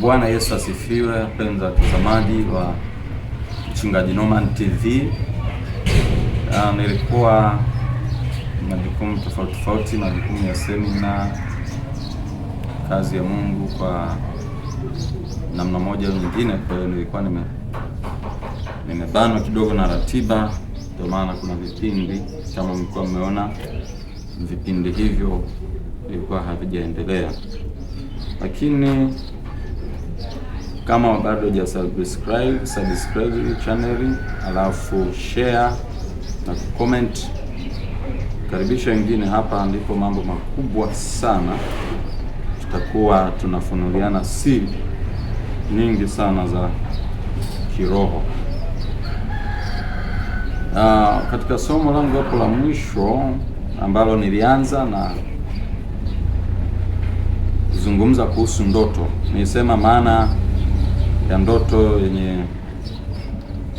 Bwana Yesu asifiwe, mpenzi watazamaji wa Mchungaji Norman TV. Ah, na nilikuwa majukumu tofauti tofauti, majukumu ya semina, kazi ya Mungu kwa namna moja au nyingine. Kwa hiyo nilikuwa nime nimebanwa kidogo na ratiba, ndio maana kuna vipindi kama mlikuwa mmeona vipindi hivyo vilikuwa havijaendelea, lakini kama bado hujasubscribe, subscribe channel, alafu share na comment. Karibisha wengine, hapa ndipo mambo makubwa sana. Tutakuwa tunafunuliana siri nyingi sana za kiroho. Uh, katika somo langu hapo la mwisho ambalo nilianza na zungumza kuhusu ndoto, nilisema maana ya ndoto yenye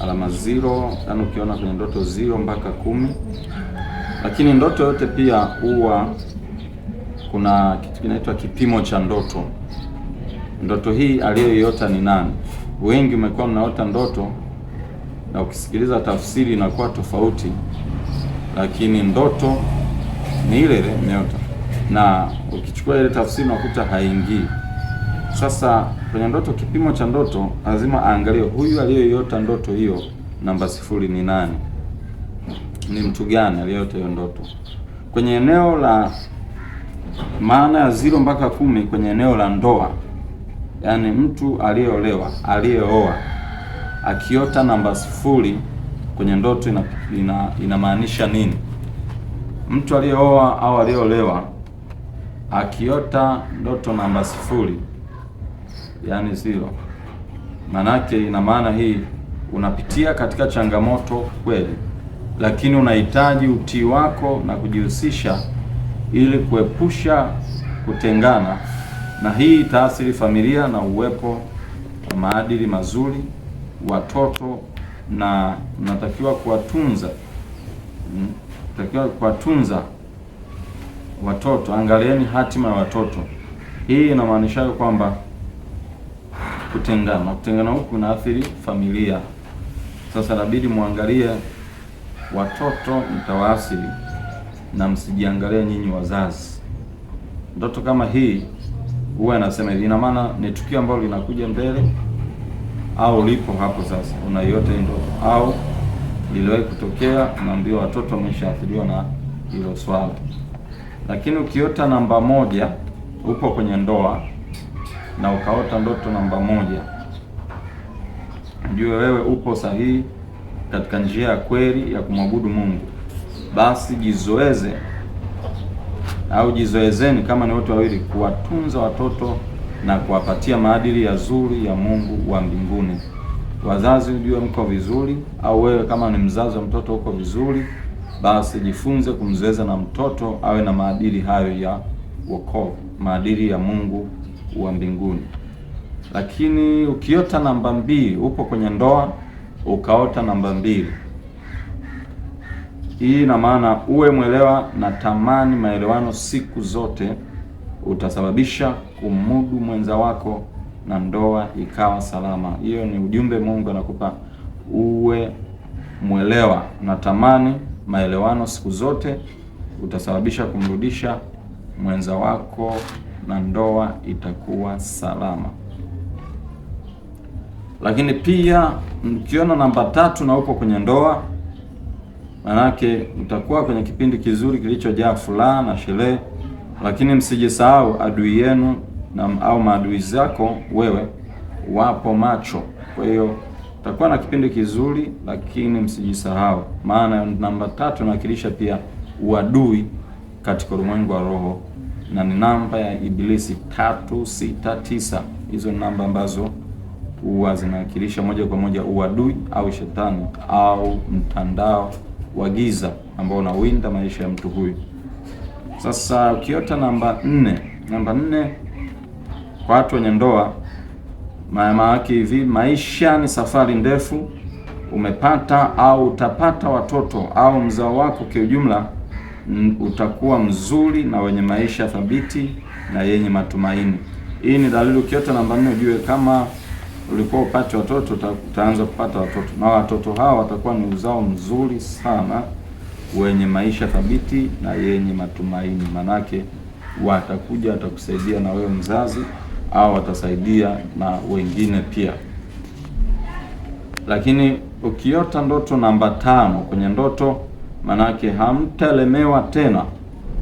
alama zero, yaani ukiona kwenye ndoto zero mpaka kumi. Lakini ndoto yote pia huwa kuna kitu kinaitwa kipimo cha ndoto. Ndoto hii aliyoiota ni nani? Wengi umekuwa mnaota ndoto na ukisikiliza tafsiri inakuwa tofauti, lakini ndoto ni ile ile na ukichukua ile tafsiri unakuta haingii. Sasa kwenye ndoto, kipimo cha ndoto lazima aangalie huyu aliyoiota ndoto hiyo namba sifuri ni nani, ni mtu gani aliyoota hiyo ndoto. Kwenye eneo la maana ya ziro mpaka kumi, kwenye eneo la ndoa, yaani mtu aliyeolewa, aliyeoa akiota namba sifuri kwenye ndoto ina, ina, inamaanisha nini? Mtu aliyeoa au aliyeolewa akiota ndoto namba sifuri yani zero. Manake ina maana hii unapitia katika changamoto kweli, lakini unahitaji utii wako na kujihusisha ili kuepusha kutengana, na hii itaathiri familia na uwepo wa maadili mazuri. Watoto na natakiwa kuwatunza, mm, natakiwa kuwatunza watoto. Angalieni hatima ya watoto, hii inamaanisha kwamba kutengana. Kutengana huku kunaathiri familia. Sasa inabidi muangalie watoto mtawaasili, na msijiangalie nyinyi wazazi. Ndoto kama hii huwa anasema hivi, ina maana ni tukio ambalo linakuja mbele au lipo hapo sasa, una yote ndoto au liliwahi kutokea, unaambiwa watoto wameshaathiriwa na hilo swala. Lakini ukiota namba moja, upo kwenye ndoa na ukaota ndoto namba moja, jue wewe upo sahihi katika njia ya kweli ya kumwabudu Mungu. Basi jizoeze au jizoezeni, kama ni wote wawili, kuwatunza watoto na kuwapatia maadili ya zuri ya Mungu wa mbinguni. Wazazi, ujue mko vizuri, au wewe kama ni mzazi wa mtoto uko vizuri, basi jifunze kumzoeza na mtoto awe na maadili hayo ya wokovu, maadili ya Mungu wa mbinguni. Lakini ukiota namba mbili, upo kwenye ndoa ukaota namba mbili, hii ina maana uwe mwelewa na tamani maelewano siku zote, utasababisha kumudu mwenza wako na ndoa ikawa salama. Hiyo ni ujumbe Mungu anakupa, uwe mwelewa na tamani maelewano siku zote, utasababisha kumrudisha mwenza wako na ndoa itakuwa salama. Lakini pia mkiona namba tatu na upo kwenye ndoa, manake mtakuwa kwenye kipindi kizuri kilichojaa furaha na sherehe. Lakini msijisahau adui yenu na au maadui zako wewe wapo macho, kwa hiyo takuwa na kipindi kizuri, lakini msijisahau, maana namba tatu inawakilisha pia uadui katika ulimwengu wa roho na ni namba ya Ibilisi tatu sita tisa. Hizo ni namba ambazo huwa zinawakilisha moja kwa moja uadui au shetani au mtandao wa giza ambao unawinda maisha ya mtu huyu. Sasa ukiota namba nne, namba nne kwa watu wenye ndoa, maana yake hivi, maisha ni safari ndefu, umepata au utapata watoto au mzao wako kiujumla utakuwa mzuri na wenye maisha thabiti na yenye matumaini. Hii ni dalili. Ukiota namba nne, ujue kama ulikuwa upate watoto utaanza kupata watoto, na watoto hawa watakuwa ni uzao mzuri sana wenye maisha thabiti na yenye matumaini. Manake watakuja watakusaidia na wewe mzazi, au watasaidia na wengine pia. Lakini ukiota ndoto namba tano, kwenye ndoto manake hamtaelemewa tena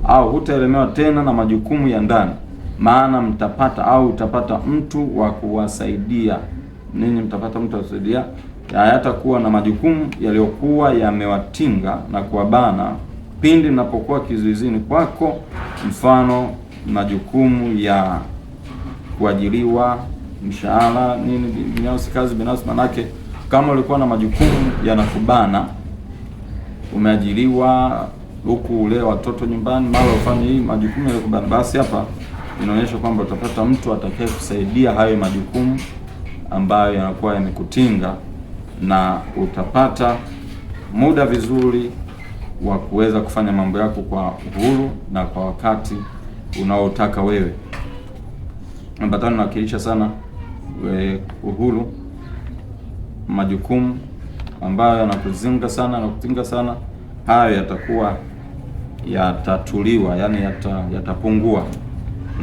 au hutaelemewa tena na majukumu ya ndani, maana mtapata au utapata mtu wa kuwasaidia ninyi, mtapata mtu wa kusaidia. Hayatakuwa na majukumu yaliyokuwa yamewatinga na kuwabana pindi mnapokuwa kizuizini kwako, mfano majukumu ya kuajiriwa, mshahara, nini, binafsi, kazi binafsi. Manake kama ulikuwa na majukumu yanakubana umeajiriwa huku ule watoto nyumbani, mara ufanye hii majukumu yale, basi hapa inaonyesha kwamba utapata mtu atakaye kusaidia hayo majukumu ambayo yanakuwa yamekutinga, na utapata muda vizuri wa kuweza kufanya mambo yako kwa uhuru na kwa wakati unaotaka wewe. Namba tano inawakilisha sana eh, uhuru, majukumu ambayo yanakuzinga sana na kuzinga sana, hayo yatakuwa yatatuliwa, yani yata, yatapungua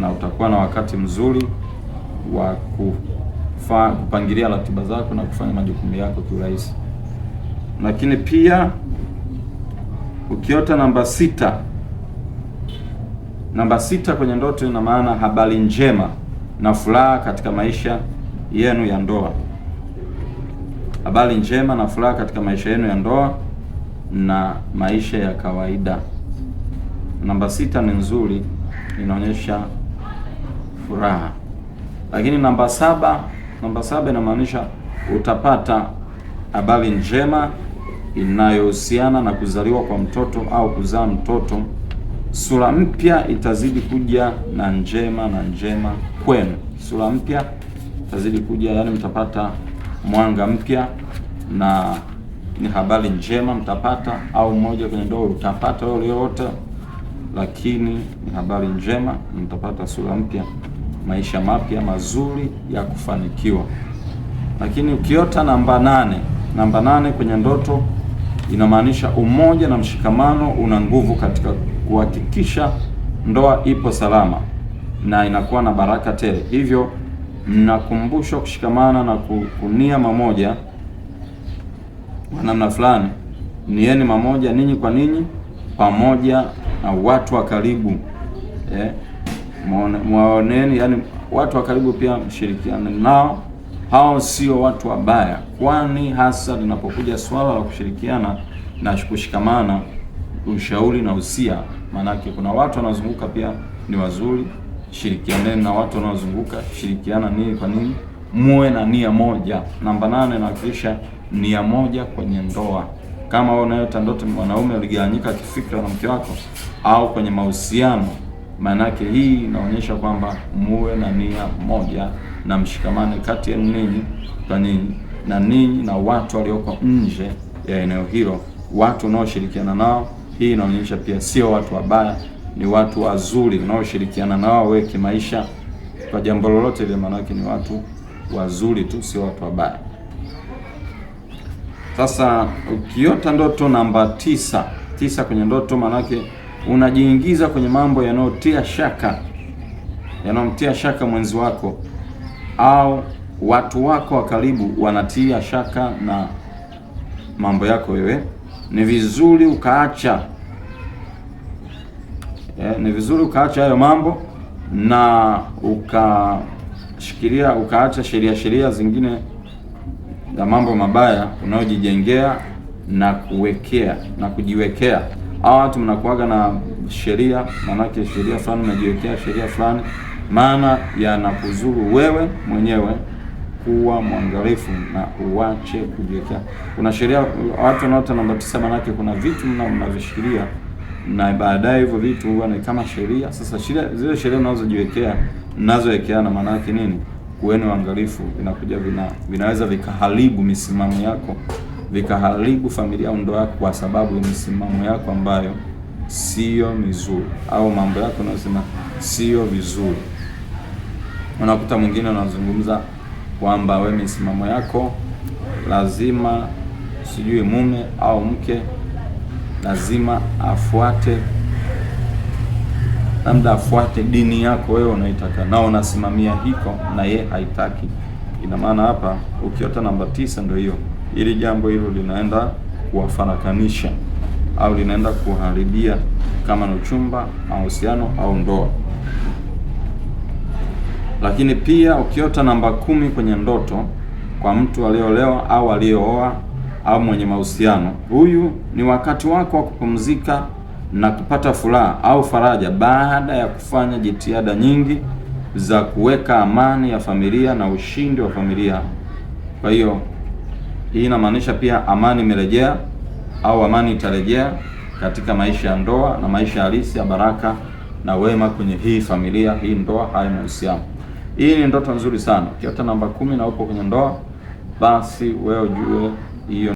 na utakuwa na wakati mzuri wa kupangilia ratiba zako na kufanya majukumu yako kiurahisi. Lakini pia ukiota namba sita, namba sita kwenye ndoto ina maana habari njema na furaha katika maisha yenu ya ndoa habari njema na furaha katika maisha yenu ya ndoa na maisha ya kawaida. Namba sita ni nzuri, inaonyesha furaha, lakini namba saba, namba saba inamaanisha utapata habari njema inayohusiana na kuzaliwa kwa mtoto au kuzaa mtoto. Sura mpya itazidi kuja na njema na njema kwenu, sura mpya itazidi kuja, yaani mtapata mwanga mpya, na ni habari njema mtapata, au mmoja kwenye ndoa utapata wewe ulioota, lakini ni habari njema, mtapata sura mpya, maisha mapya mazuri ya kufanikiwa. Lakini ukiota namba nane, namba nane kwenye ndoto inamaanisha umoja na mshikamano una nguvu katika kuhakikisha ndoa ipo salama na inakuwa na baraka tele hivyo mnakumbushwa kushikamana na kunia mamoja kwa namna fulani, nieni mamoja ninyi kwa ninyi, pamoja na watu wa karibu eh, mwaoneni, yani watu wa karibu pia mshirikiane nao. Hao sio watu wabaya, kwani hasa linapokuja swala la kushirikiana na kushikamana, ushauri na usia, maanake kuna watu wanaozunguka pia ni wazuri shirikianeni na watu wanaozunguka, shirikiana nini kwa nini, muwe na nia moja. Namba nane inawakilisha nia moja kwenye ndoa. Kama wewe unaota ndoto mwanaume uligawanyika kifikra na mke wako au kwenye mahusiano, maanake hii inaonyesha kwamba muwe na nia moja na mshikamane kati ya ninyi kwa ninyi na ninyi na watu walioko nje ya eneo hilo, watu unaoshirikiana nao. Hii inaonyesha pia sio watu wabaya, ni watu wazuri unaoshirikiana nao wewe kimaisha kwa jambo lolote ile, maanake ni watu wazuri tu, sio watu wabaya. Sasa ukiota ndoto namba tisa, tisa kwenye ndoto, maanake unajiingiza kwenye mambo yanayotia shaka, yanayomtia shaka mwenzi wako au watu wako wa karibu wanatia shaka na mambo yako wewe, ni vizuri ukaacha eh, ni vizuri ukaacha hayo mambo na ukashikilia ukaacha sheria sheria zingine za mambo mabaya unayojijengea na kuwekea na kujiwekea. Hawa watu mnakuaga na sheria, maanake sheria fulani unajiwekea sheria fulani, maana yanakuzuru wewe mwenyewe kuwa mwangalifu na uwache kujiwekea. Kuna sheria watu wanaota namba tisa, maanake kuna vitu mnavishikilia na baadaye hivyo vitu huwa ni kama sheria. Sasa sheria zile sheria mnazojiwekea mnazowekeana, maana yake nini? Kuweni waangalifu, vinakuja vina, vinaweza vikaharibu misimamo yako vikaharibu familia au ndoa yako, kwa sababu ya misimamo yako ambayo sio mizuri au mambo yako unayosema sio vizuri. Unakuta mwingine unazungumza kwamba we misimamo yako lazima sijui mume au mke lazima afuate labda afuate dini yako wewe unaitaka na unasimamia hiko na ye haitaki. Ina maana hapa ukiota namba tisa ndio hiyo, ili jambo hilo linaenda kuwafarakanisha au linaenda kuharibia kama ni uchumba, mahusiano au ndoa. Lakini pia ukiota namba kumi kwenye ndoto kwa mtu aliyeolewa au aliyeoa au mwenye mahusiano. Huyu ni wakati wako wa kupumzika na kupata furaha au faraja baada ya kufanya jitihada nyingi za kuweka amani ya familia na ushindi wa familia. Kwa hiyo hii inamaanisha pia amani imerejea au amani itarejea katika maisha ya ndoa na maisha halisi ya baraka na wema kwenye hii familia, hii ndoa, haya mahusiano. Hii ni ndoto nzuri sana. Ukiota namba kumi na upo kwenye ndoa, basi wewe ujue hiyo